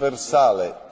transversale